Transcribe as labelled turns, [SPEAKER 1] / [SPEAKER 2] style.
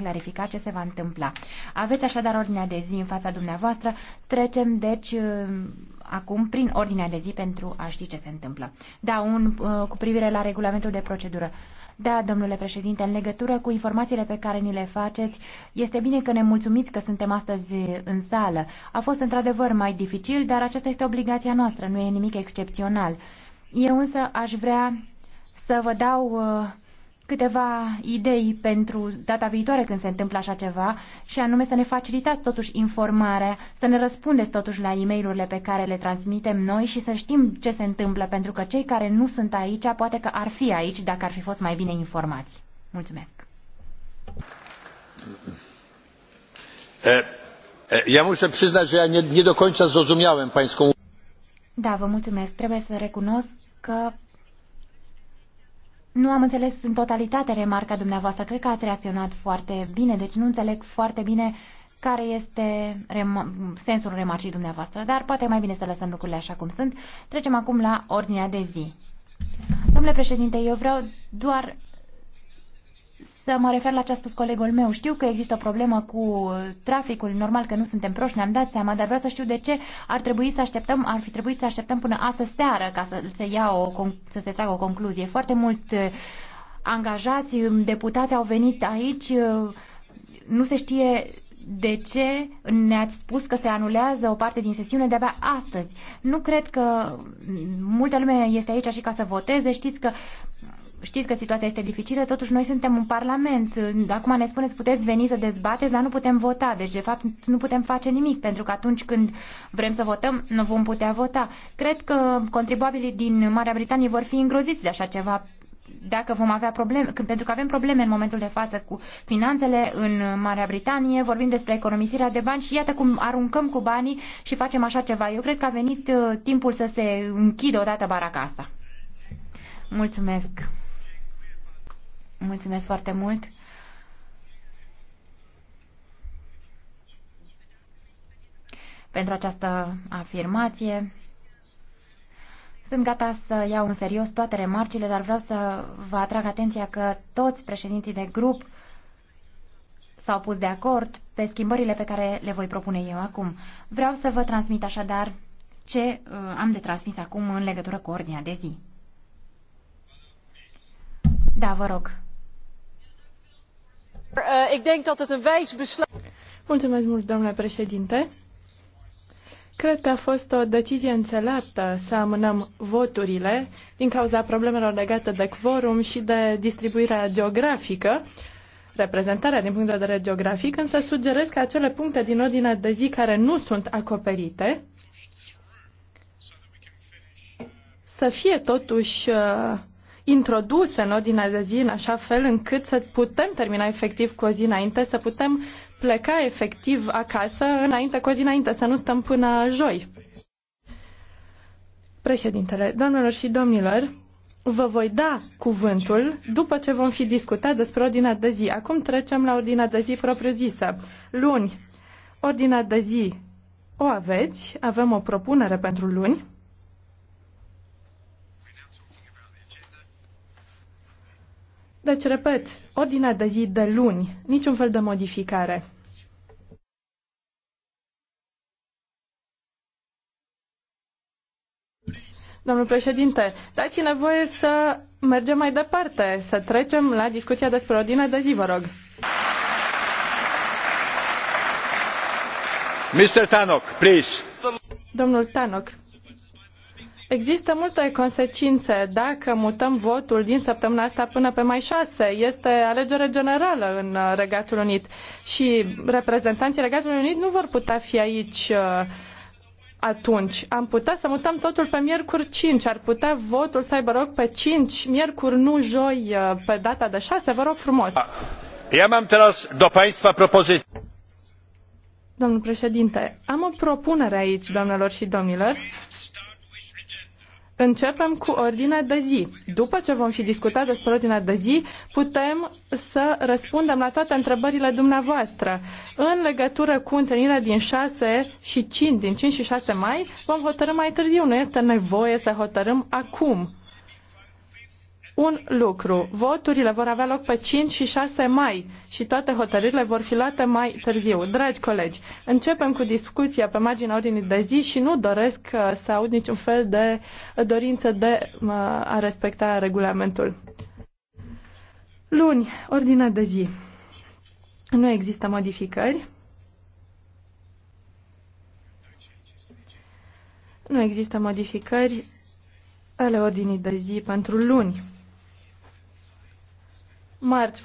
[SPEAKER 1] clarifica ce se va întâmpla. Aveți așadar ordinea de zi în fața dumneavoastră. Trecem, deci, uh, acum prin ordinea de zi pentru a ști ce se întâmplă. Da, un, uh, cu privire la regulamentul de procedură. Da, domnule președinte, în legătură cu informațiile pe care ni le faceți, este bine că ne mulțumiți că suntem astăzi în sală. A fost într-adevăr mai dificil, dar aceasta este obligația noastră, nu e nimic excepțional. Eu însă aș vrea să vă dau uh, câteva idei pentru data viitoare când se întâmplă așa ceva și anume să ne facilitați totuși informarea, să ne răspundeți totuși la e mail pe care le transmitem noi și să știm ce se întâmplă, pentru că cei care nu sunt aici poate că ar fi aici dacă ar fi fost mai bine informați. Mulțumesc.
[SPEAKER 2] Ja muszę przyznać, że ja nie, nie do końca zrozumiałem pańską...
[SPEAKER 1] Da, vă mulțumesc. Trebuie să recunosc că nu am înțeles în totalitate remarca dumneavoastră. Cred că ați reacționat foarte bine, deci nu înțeleg foarte bine care este rem- sensul remarcii dumneavoastră, dar poate mai bine să lăsăm lucrurile așa cum sunt. Trecem acum la ordinea de zi. Domnule președinte, eu vreau doar să mă refer la ce a spus colegul meu. Știu că există o problemă cu traficul, normal că nu suntem proști, ne-am dat seama, dar vreau să știu de ce ar trebui să așteptăm, ar fi trebuit să așteptăm până astă seară ca să se, ia o, să se tragă o concluzie. Foarte mult eh, angajați, eh, deputați au venit aici, eh, nu se știe de ce ne-ați spus că se anulează o parte din sesiune de-abia astăzi. Nu cred că mm, multă lume este aici și ca să voteze. Știți că știți că situația este dificilă, totuși noi suntem un parlament. Acum ne spuneți, puteți veni să dezbateți, dar nu putem vota. Deci, de fapt, nu putem face nimic, pentru că atunci când vrem să votăm, nu vom putea vota. Cred că contribuabilii din Marea Britanie vor fi îngroziți de așa ceva dacă vom avea probleme, când, pentru că avem probleme în momentul de față cu finanțele în Marea Britanie, vorbim despre economisirea de bani și iată cum aruncăm cu banii și facem așa ceva. Eu cred că a venit uh, timpul să se închidă odată baraca asta. Mulțumesc! Mulțumesc foarte mult. Pentru această afirmație. Sunt gata să iau în serios toate remarcile, dar vreau să vă atrag atenția că toți președinții de grup s-au pus de acord pe schimbările pe care le voi propune eu acum. Vreau să vă transmit așadar ce uh, am de transmis acum în legătură cu ordinea de zi. Da, vă rog.
[SPEAKER 2] Eh, domnule președinte. Cred că a fost o decizie înțeleaptă să amânăm voturile din cauza problemelor legate de cvorum și de distribuirea geografică, reprezentarea din punct de vedere geografic, însă sugerez că acele puncte din ordinea de zi care nu sunt acoperite să fie totuși eh, introduse în ordinea de zi în așa fel încât să putem termina efectiv cu o zi înainte, să putem pleca efectiv acasă înainte cu o zi înainte, să nu stăm până joi. Președintele, doamnelor și domnilor, vă voi da cuvântul după ce vom fi discutat despre ordinea de zi. Acum trecem la ordinea de zi propriu-zisă. Luni, ordinea de zi o aveți, avem o propunere pentru luni. Deci, repet, ordinea de zi de luni, niciun fel de modificare. Domnul președinte, dați-ne voie să mergem mai departe, să trecem la discuția despre ordinea de zi, vă rog. Mr. Tanok, please. Domnul Tanok, Există multe consecințe dacă mutăm votul din săptămâna asta până pe mai 6. Este alegere generală în uh, Regatul Unit și reprezentanții Regatului Unit nu vor putea fi aici uh, atunci. Am putea să mutăm totul pe miercuri 5. Ar putea votul să aibă loc pe 5, miercuri, nu joi, uh, pe data de 6. Vă rog frumos. Ja am teraz do państwa propozit. Domnul președinte, am o propunere aici, doamnelor și domnilor. Începem cu ordinea de zi. După ce vom fi discutat despre ordinea de zi, putem să răspundem la toate întrebările dumneavoastră. În legătură cu întâlnirea din 6 și 5, din 5 și 6 mai, vom hotărâ mai târziu. Nu este nevoie să hotărâm acum un lucru. Voturile vor avea loc pe 5 și 6 mai și toate hotărârile vor fi luate mai târziu. Dragi colegi, începem cu discuția pe marginea ordinii de zi și nu doresc uh, să aud niciun fel de dorință de uh, a respecta regulamentul. Luni, ordinea de zi. Nu există modificări. Nu există modificări ale ordinii de zi pentru luni marți